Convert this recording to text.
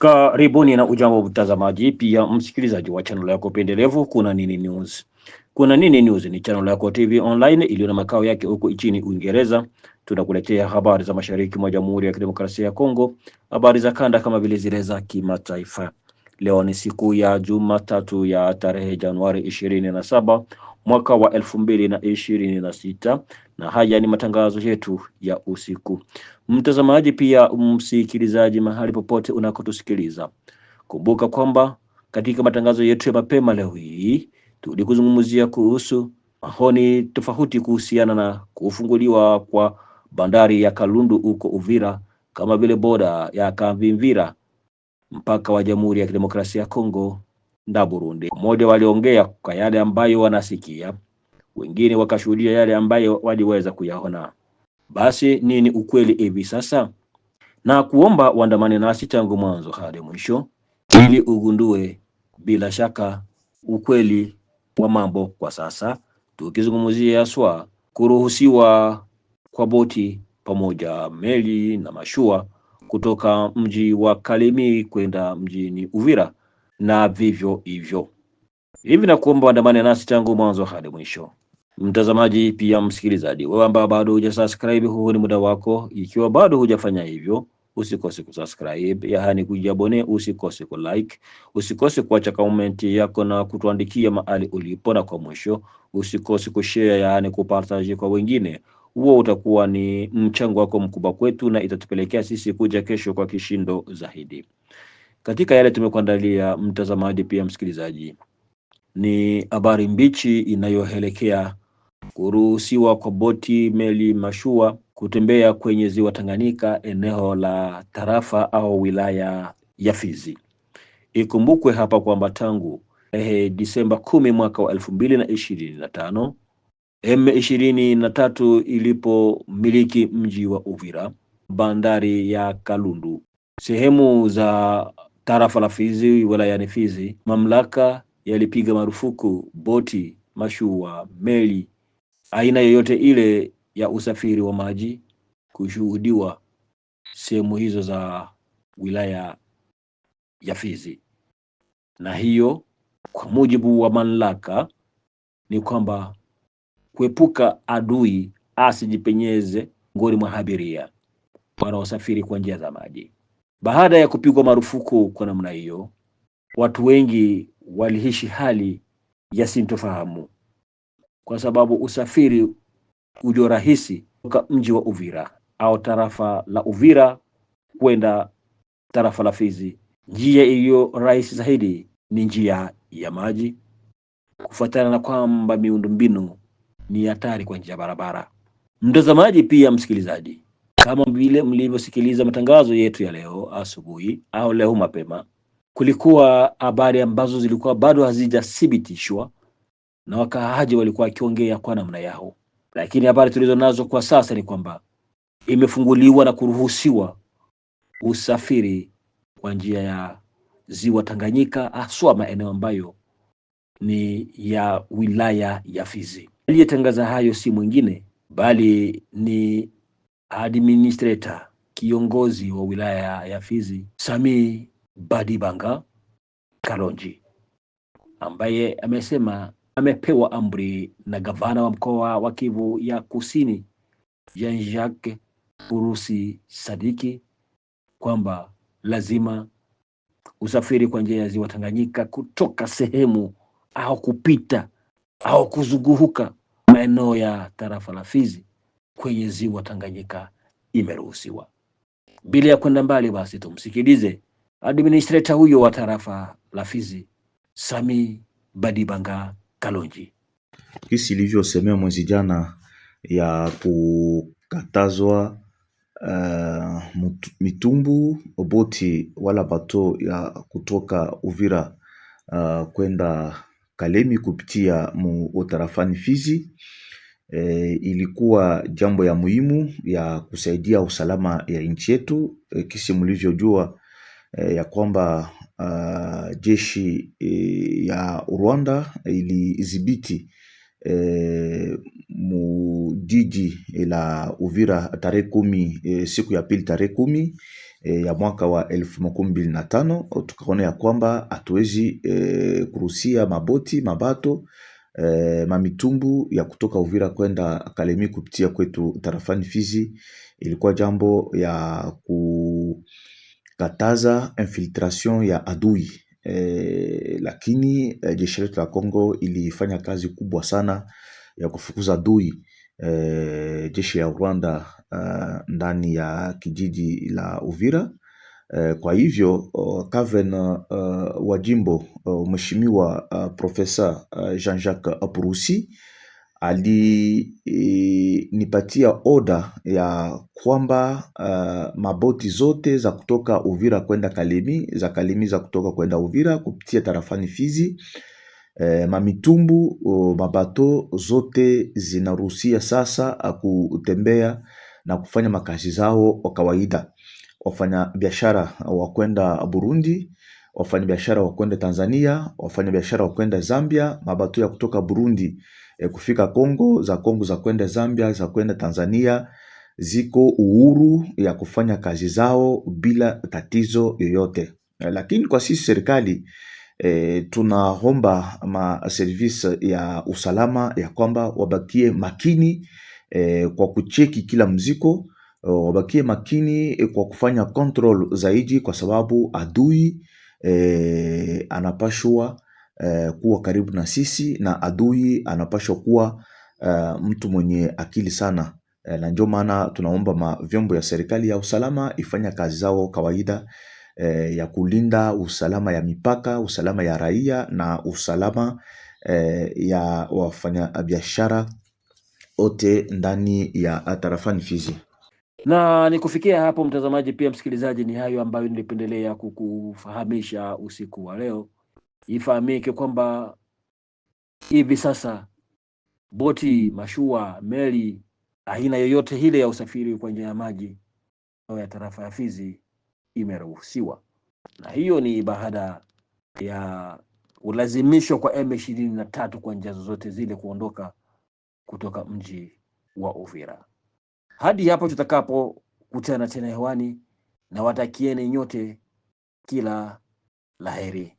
Karibuni na ujambo mtazamaji, pia msikilizaji wa channel yako pendelevu Kuna Nini News. Kuna Nini News ni channel yako TV online iliyo na makao yake huko nchini Uingereza. Tunakuletea habari za mashariki mwa Jamhuri ya Kidemokrasia ya Kongo, habari za kanda kama vile zile za kimataifa. Leo ni siku ya Jumatatu ya tarehe Januari ishirini na saba mwaka wa elfu mbili na ishirini na sita na haya ni matangazo yetu ya usiku. Mtazamaji pia msikilizaji, mahali popote unakotusikiliza, kumbuka kwamba katika matangazo yetu ya mapema leo hii tulikuzungumzia kuhusu maoni tofauti kuhusiana na kufunguliwa kwa bandari ya Kalundu huko Uvira, kama vile boda ya Kavimvira mpaka wa Jamhuri ya Kidemokrasia ya Kongo na Burundi. Mmoja waliongea kwa yale ambayo wanasikia, wengine wakashuhudia yale ambayo waliweza kuyaona. Basi nini ukweli hivi sasa? Na kuomba uandamane nasi tangu mwanzo hadi mwisho ili ugundue bila shaka ukweli wa mambo kwa sasa, tukizungumzia aswa kuruhusiwa kwa boti pamoja meli na mashua kutoka mji wa Kalemie kwenda mjini Uvira na vivyo hivyo. Hivi nakuomba waandamane nasi tangu mwanzo hadi mwisho. Mtazamaji pia msikilizaji, wewe ambao bado subscribe, huu ni muda wako. Ikiwa bado hujafanya hivyo, usikose kusubscribe, yaani kujiabone, usikose ku like, usikose kuacha comment yako na kutuandikia mahali ulipo, na kwa mwisho usikose kushare, yaani kupartage kwa wengine. Huo utakuwa ni mchango wako mkubwa kwetu na itatupelekea sisi kuja kesho kwa kishindo zaidi. Katika yale tumekuandalia mtazamaji, pia msikilizaji, ni habari mbichi inayoelekea kuruhusiwa kwa boti, meli, mashua kutembea kwenye ziwa Tanganyika eneo la tarafa au wilaya ya Fizi. Ikumbukwe hapa kwamba tangu ehe, Disemba kumi mwaka wa elfu mbili na ishirini na tano M23 ilipomiliki mji wa Uvira, bandari ya Kalundu, sehemu za tarafa la Fizi wilayani Fizi, mamlaka yalipiga marufuku boti, mashua, meli, aina yoyote ile ya usafiri wa maji kushuhudiwa sehemu hizo za wilaya ya Fizi, na hiyo kwa mujibu wa mamlaka ni kwamba kuepuka adui asijipenyeze ngoni mwa abiria wanaosafiri kwa njia za maji. Baada ya kupigwa marufuku kwa namna hiyo, watu wengi waliishi hali ya sintofahamu, kwa sababu usafiri ulio rahisi kutoka mji wa Uvira au tarafa la Uvira kwenda tarafa la Fizi, njia iliyo rahisi zaidi ni njia ya maji, kufuatana na kwamba miundombinu ni hatari kwa njia ya barabara. Mtazamaji pia msikilizaji, kama vile mlivyosikiliza matangazo yetu ya leo asubuhi au leo mapema, kulikuwa habari ambazo zilikuwa bado hazijathibitishwa na wakaaji walikuwa wakiongea kwa namna yao, lakini habari tulizo nazo kwa sasa ni kwamba imefunguliwa na kuruhusiwa usafiri kwa njia ya ziwa Tanganyika, haswa maeneo ambayo ni ya wilaya ya Fizi. Aliyetangaza hayo si mwingine bali ni administrator kiongozi wa wilaya ya Fizi sami Badibanga Kalonji ambaye amesema amepewa amri na gavana wa mkoa wa Kivu ya Kusini Jean-Jacques Purusi Sadiki kwamba lazima usafiri kwa njia ya ziwa Tanganyika kutoka sehemu au kupita au kuzunguruka maeneo ya tarafa la Fizi kwenye ziwa Tanganyika imeruhusiwa. Bila ya kwenda mbali, basi tumsikilize administrator huyo wa tarafa la Fizi, Sami Badibanga Kalonji, kisi ilivyosemea mwezi jana ya kukatazwa uh, mitumbu oboti wala bato ya kutoka Uvira uh, kwenda Kalemi kupitia mu tarafani Fizi E, ilikuwa jambo ya muhimu ya kusaidia usalama ya nchi yetu e, kisi mlivyojua e, ya kwamba a, ah, jeshi e, ya Rwanda ilidhibiti e, mujiji la Uvira tarehe kumi e, siku ya pili tarehe kumi e, ya mwaka wa elfu makumi mbili na tano tukaona ya kwamba hatuwezi e, kurusia maboti mabato e, mamitumbu ya kutoka Uvira kwenda Kalemi kupitia kwetu tarafani Fizi ilikuwa jambo ya kukataza infiltration ya adui e, lakini e, jeshi letu la Kongo ilifanya kazi kubwa sana ya kufukuza adui e, jeshi ya Rwanda uh, ndani ya kijiji la Uvira Eh, kwa hivyo uh, wa jimbo Mheshimiwa Profesa Jean-Jacques Purusi alinipatia oda ya kwamba uh, maboti zote za kutoka Uvira kwenda Kalemi, za Kalemi za kutoka kwenda Uvira kupitia tarafani Fizi, e, mamitumbu uh, mabato zote zinaruhusia sasa kutembea na kufanya makazi zao kwa kawaida wafanyabiashara wa kwenda Burundi, wafanyabiashara wa kwenda Tanzania, wafanyabiashara wa kwenda Zambia, mabatu ya kutoka Burundi e, kufika Kongo, za Kongo za kwenda Zambia, za kwenda Tanzania, ziko uhuru ya kufanya kazi zao bila tatizo yoyote. E, lakini kwa sisi serikali e, tunaomba ma service ya usalama ya kwamba wabakie makini e, kwa kucheki kila mziko Eh, wabakie makini eh, kwa kufanya control zaidi, kwa sababu adui e, anapashwa e, kuwa karibu na sisi na adui anapashwa kuwa e, mtu mwenye akili sana e, na ndio maana tunaomba vyombo ya serikali ya usalama ifanya kazi zao kawaida e, ya kulinda usalama ya mipaka, usalama ya raia na usalama e, ya wafanyabiashara ote ndani ya tarafani Fizi. Na ni kufikia hapo, mtazamaji pia msikilizaji, ni hayo ambayo nilipendelea kukufahamisha usiku wa leo. Ifahamike kwamba hivi sasa boti, mashua, meli, aina yoyote ile ya usafiri kwa njia ya maji au ya tarafa ya Fizi imeruhusiwa, na hiyo ni baada ya ulazimisho kwa M ishirini na tatu kwa njia zozote zile kuondoka kutoka mji wa Uvira. Hadi hapo tutakapokutana tena hewani, na watakieni nyote kila laheri.